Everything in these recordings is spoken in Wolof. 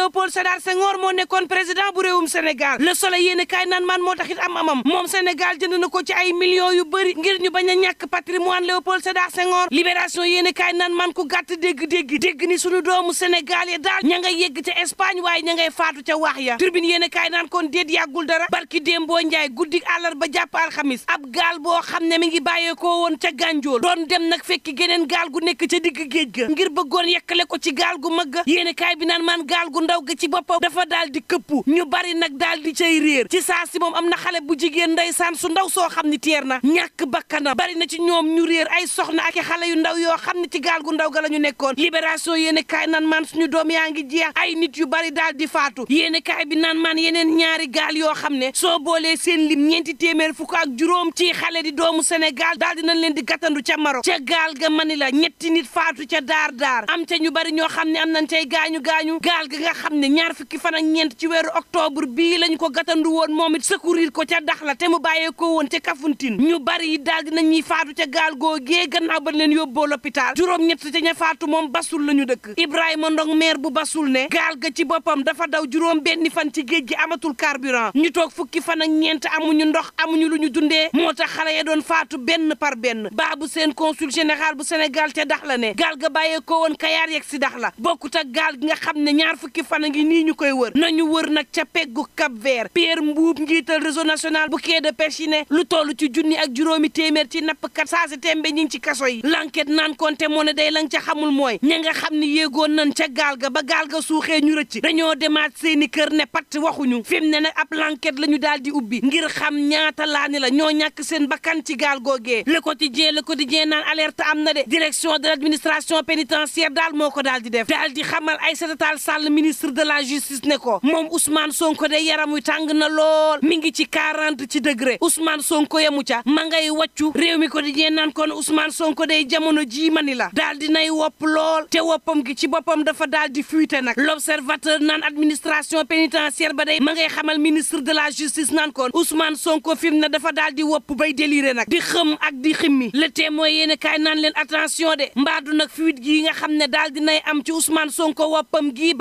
Léopold Sédar Senghor moo nekkoon président bu réewum Sénégal le soleil yéen kaay naan man moo taxit am amam moom Sénégal jënd na ko ci ay millions yu bëri ngir ñu bañ a ñàkk patrimoine Léopold Sédar Senghor libération yéen kaay nan man ku gàtt dégg-dégg dégg ni sunu doomu Sénégal ya daal ña ngay yegg ca Espagne waaye ña ngay faatu ca wax ya tribune yéen kaay naan kon déet yàggul dara barki démboo njaay guddi àllarba jàpp alxamis ab gaal boo xam ne mi ngi bàyyeekoo woon ca gànjool doon dem nag fekki geneen gaal gu nekk ca digg géej ga ngir bëggoon yekkale ko ci gaal gu mag yéen kaay bi naan man gaal gu ndaw ga ci boppam dafa daal di këpp ñu bari nag daal di cay réer ci saa si moom am na xale bu jigéen ndeysaan su ndaw soo xam ni teer na ñàkk bakkanam bari na ci ñoom ñu réer ay soxna ak xale yu ndaw yoo xam ne ci gaal ndaw ga la ñu nekkoon libération yéene kaay maan suñu doom yaa ngi jeex ay nit yu bari daal di faatu yéene kaay bi naan yeneen ñaari gaal yoo xam ne soo boolee seen lim ñeenti téeméer fukk ak juróom ci xale di doomu Sénégal daal dinañ leen di gàttandu ca Maroc ca gaal ga mani la ñetti nit faatu ca daar daar am ca ñu bari ñoo xam ne am nañ cay gaañu gaañu gaal ga nga xam ne ñaar fukki fan ak ci weeru octobre bii lañ ko gatandu woon moom it ko ca Dakhla te mu bàyyeekoo woon ca Kafountine ñu bari daal di nañuy faatu ca gaal googee gannaaw ba leen yóbboo l'hôpital juróom-ñett ca faatu moom Bassoul la ñu dëkk Ibrahima Ndong maire bu basul ne gaal ga ci boppam dafa daw juróom benni fan ci géej gi amatul carburant ñu toog fukki fan a ñeent amuñu ndox amuñu lu ñu dundee moo tax xale ya doon faatu benn par benn baabu seen consul général bu Sénégal ca Dakhla ne gaal ga bàyyeekoo woon Kayar yegg si Dakhla bokkut ak gaal gi nga xam ne ñaar fukki fan a ngi nii ñu koy wër nañu wër nag ca peggu Cap Vert Pierre Mbuub njiital réseau national bu quai de pêche yi ne lu toll ci junni ak juróomi téeméer ci nappkat saa si tembe ñi ngi ci kaso yi l'enquête naan konte moo ne day lañ ca xamul mooy ña nga xam ni yéegoon nañ ca gaal ga ba gaal ga suuxee ñu rëcc dañoo demaat seeni kër ne patt waxuñu fi mu ne nag ab l'enquête la ñu daal di ubbi ngir xam ñaata laa la ñoo ñàkk seen bakkan ci gaal googee le quotidien le quotidien naan alerte am na de direction de l'administration pénitentiaire daal moo ko daal di def daal di xamal Aïssata Tall Sall ministre ministre de la justice ne ko moom Ousmane Sonko de yaram wi tàng na lool mi ngi ci 40 ci degré Ousmane Sonko yamu ca ma ngay wàccu réew mi ko di jee naan kon Ousmane Sonko de jamono jii mani la daal di nay wopp lool te woppam gi ci boppam dafa daal di fuite nag nan naan administration pénitentiaire ba dey ma ngay xamal ministre de la justice naan kon Ousmane Sonko fi mu dafa daal di wopp bay déliré nag di xëm ak di ximmi le témoin yéen kaay naan leen attention de mbaadu nag fuite gii nga xam ne daal di am ci Ousmane Sonko woppam gii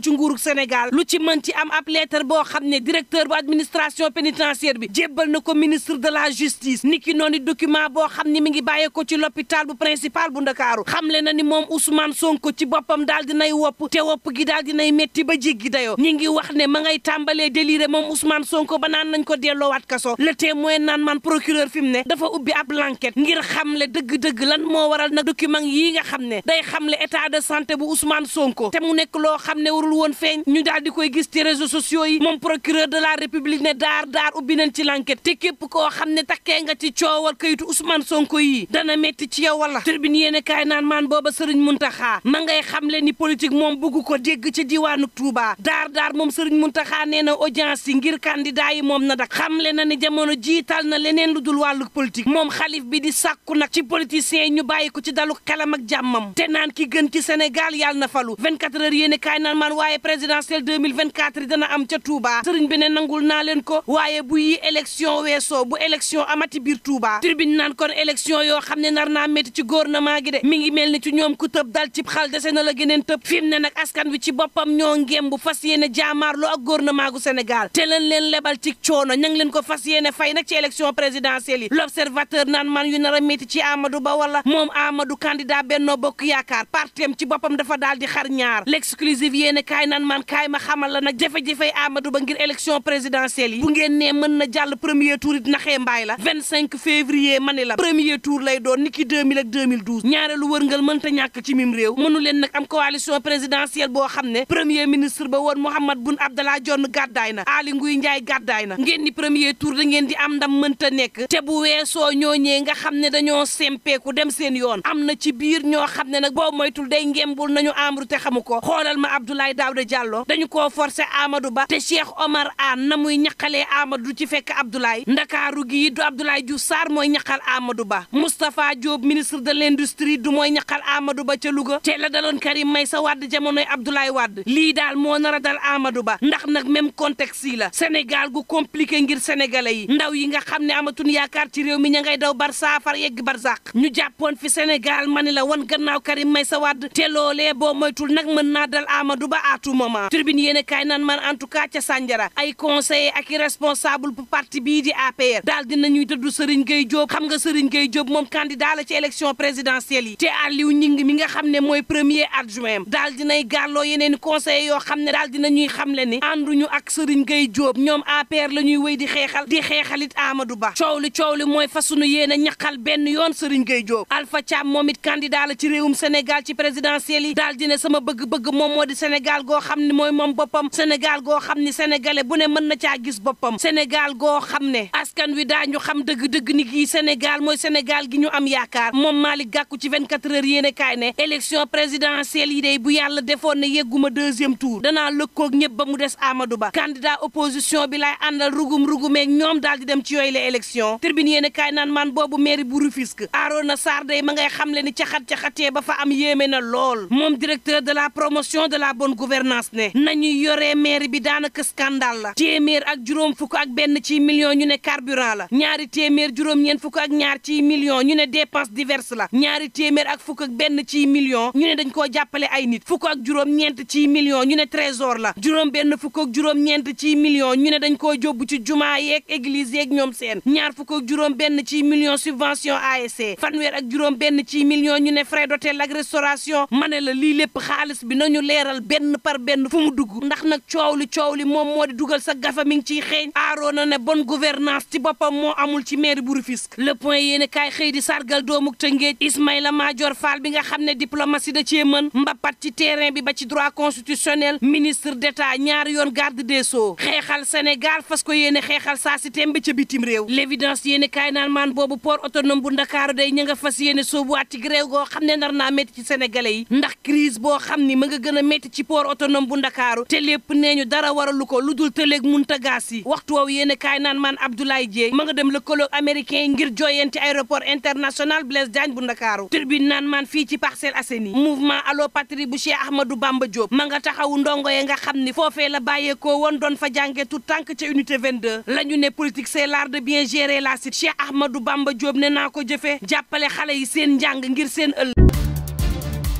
bokkul ci nguurug Sénégal lu ci mën ci am ab lettre boo xam ne directeur bu administration pénitentiaire bi jébbal na ko ministre de la justice niki noonu document boo xam ne mi ngi bàyyee ci l'hôpital bu principal bu Ndakaaru xamle na ni moom Ousmane Sonko ci boppam daal dinay wopp te wopp gi daal dinay métti ba jéggi dayoo ñi ngi wax ne ma ngay tàmbalee déliré moom Ousmane Sonko ba naan nañ ko delloowaat kaso le témoin naan man procureur fi mu ne dafa ubbi ab l'enquête ngir le dëgg-dëgg lan moo waral nag document yii nga xam ne day xam le état de santé bu Ousmane Sonko te mu nekk loo xam ne warul warul woon ñu daal di koy gis ci réseaux sociaux yi moom procureur de la république ne daar daar ubbi nañ ci l'enquête te képp koo xam ne takkee nga ci coowal kayitu Ousmane Sonko yi dana metti ci yow wala tribune yéene kaay naan maan booba sëriñ Muntaxa ma ngay xamle ni politique moom bugg ko dégg ci diwaanu Touba daar daar moom sëriñ Muntaxa nee na audience yi ngir candidat yi moom na dak le na ni jamono jiital na leneen lu dul wàllu politique moom xalif bi di sàkku nag ci politiciens yi ñu bàyyi ko ci dalu xelam ak jàmmam te naan ki gën ci Sénégal yàlla na waaye présidentielle 2024 dana am ca Touba sëriñ bi ne nangul naa leen ko waaye bu yi élection weesoo bu élection amati biir Touba tribune naan kon élection yoo xam ne nar naa métti ci gouvernement gi de mi ngi mel ni ci ñoom ku tëb dal cib xal dese na la tëb fi ne nag askan wi ci boppam ño ngeem bu fas yéene jaamaarloo ak gouvernement gu Sénégal te leen leen lebal ci coono ña ngi leen ko fas yéene fay nag ci élection présidentielle yi l'observateur naan man yu nar a métti ci Amadou Ba wala moom Amadou candidat Benno Bokk Yaakaar partem ci boppam dafa daal di xar ñaar l'exclusive yéene yéene kaay naan maan kaay ma xamal la nag jafe-jafey Amadou Ba ngir élection présidentielle yi bu ngeen nee mën na jàll premier tour it naxee mbaay la 25 février ma ni la premier tour lay doon niki 2000 ak 2012 ñaareelu wërngal mënta ñàkk ci mim réew mënu leen nag am coalition présidentielle boo xam ne premier ministre ba woon Mahammed Boun Abdallah Dionne gàddaay na Aly Ngouille Ndiaye gàddaay na ngeen ni premier tour da ngeen di am ndam mënta nekk te bu weesoo ñooñee nga xam ne dañoo sempeeku dem seen yoon am na ci biir ñoo xam ne nag boo moytul day ngembul nañu amru te xamu ko Abdoulaye Daouda Diallo dañu koo forcé amadu Ba te Cheikh Omar Anne na muy ñaqalee Amadou ci fekk Abdoulaye ndakaaru gi du Abdoulaye Diouf Sarr mooy ñaqal Amadou Ba Moustapha Diop ministre de l'industrie du mooy ñaqal Amadou Ba ca Louga te la daloon Karim Meïssa Wade jamonoy Abdoulaye Wade lii daal moo nar a dal Amadou Ba ndax nag même contexte yi la Sénégal gu compliqué ngir sénégalais yi ndaw yi nga xam ne amatuñ yaakaar ci réew mi ña ngay daw barsa far yegg barzaq ñu jàppoon fi Sénégal ma la wan gannaaw Karim Meïssa Wade te loolee boo moytul nag mën naa dal à tout moment tribune yéen kaay naan man en tout cas ca Sandiara ay conseiller ak i responsable bu parti bii di APR daal dinañuy dëddu Serigne Gueye Diop xam nga Serigne Gueye Diop moom candidat la ci élection présidentielle yi te Aliou Ñing mi nga xam ne mooy premier adjoint daal dinay gàlloo yeneen conseillers yoo xam ne daal dinañuy xam le ni ànduñu ak Serigne Gueye Diop ñoom APR la ñuy wéy di xeexal di xeexalit Amadou Ba coow li coow li mooy fasunu yéen a ñaqal benn yoon Serigne Gueye Diop Alpha Thiam moom it candidat la ci réewum Sénégal ci présidentielle yi daal dina sama bëgg-bëgg moom moo di Sénégal Sénégal goo xam ne mooy moom boppam Sénégal goo xam ne sénégalais bu ne mën na caa gis boppam Sénégal goo xam ne a askan wi daañu xam dëgg-dëgg ni gii Sénégal mooy Sénégal gi ñu am yaakaar moom Malick Gakou ci 24 heures yéene kaay ne élection présidentielle yi day bu yàlla defoon ne yegguma deuxième tour danaa lëkkoog ñëpp ba mu des Amadou Ba candidat opposition bi laay àndal rugum rugumeeg ñoom daal di dem ci yooyu la élection tribune yéene kaay naan man boobu mairie bu Rufisque Arona Sarr day ma ngay xam ba fa am yéeme na lool moom la promotion la bonne gouvernance ne nañu yore maire bi daanaka scandale la téeméer ak juróom fukk ak benn ci million ñu ne carburant la ñaari téeméer juróom fukk ak ñaar ci million ñu ne dépense diverse la ñaari téeméer ak fukk ak benn ci million ñu ne dañ koo jàppale ay nit fukk ak juróom-ñeent ci million ñu ne trésor la juróom benn fukk ak juróom-ñeent ci million ñu ne dañ koo jóbbu ci jumaa yeeg église yeeg ñoom seen ñaar fukk ak juróom benn ci million subvention ASC fanweer ak juróom benn ci million ñu ne frais d'hôtel ak ma ne la lii lépp xaalis bi nañu leeral benn benn par benn fu mu dugg ndax nag coow li coow li moom moo di dugal sa gafa mi ngi ciy xeeñ aaroo na ne bon gouvernance ci boppam moo amul ci maire bu Rufisque le point yéen kaay xëy di sargal doomuk Tëngéej Ismaïla Madior Fall bi nga xam ne diplomatie da cee mën mbapat ci terrain bi ba ci droit constitutionnel ministre d'état ñaari yoon garde de sceaux xeexal Sénégal fas ko yéene xeexal saa si tembe ca bitim réew l'évidence yéen kaay naan maan boobu port autonome bu Ndakaaru day ña nga fas yéene soobuwaat ci goo xam ne nar naa métti ci sénégalais yi ndax boo xam ni ma nga gën a métti ci port bu ndakaaru te lépp nee ñu dara waralu ko lu dul tëleeg munta gaas yi waxtu woowu yéen kaay naan man Abdoulaye Dieye ma nga dem lëkkaloo américain ngir jooyeen ci aéroport international Blaise Diagne bu ndakaaru tribune naan man fii ci Parcelles Assainies mouvement Allo Patrie bu Cheikh Ahmadou Bamba Diop ma nga taxawu ndongo yi nga xam ni foofee la bàyyeekoo woon doon fa jànge tànk ca unité 22 la ñu ne politique c'est l'art de bien gérer la cité Cheikh Ahmadou Bamba Diop ne naa ko jëfee jàppale xale yi seen njàng ngir seen